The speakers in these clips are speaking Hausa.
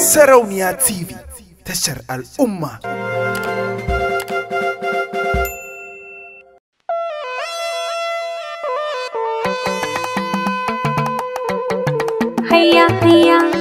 Sarauniya TV tashar al'umma. Hayya hayya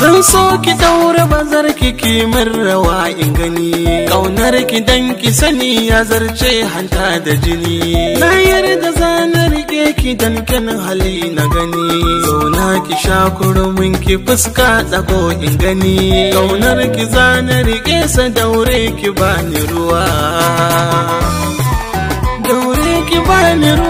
Zan so ki daura bazar ki min rawa in gani Kaunar ki dan ki sani ya zarce hanta da jini Na yarda zanar rike ki dan kan hali na gani Zauna ki sha kurumin ki fuska tsago in gani Kaunar ki zanar rike sa daure ki bani ruwa Daure ki bani ruwa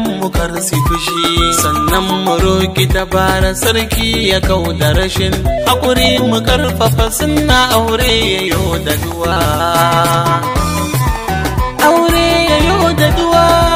mu kar su fushi sannan mu roki bara sarki ya kau da rashin hakuri mu karfafa sunna aure ya yo da duwa aure ya yo da duwa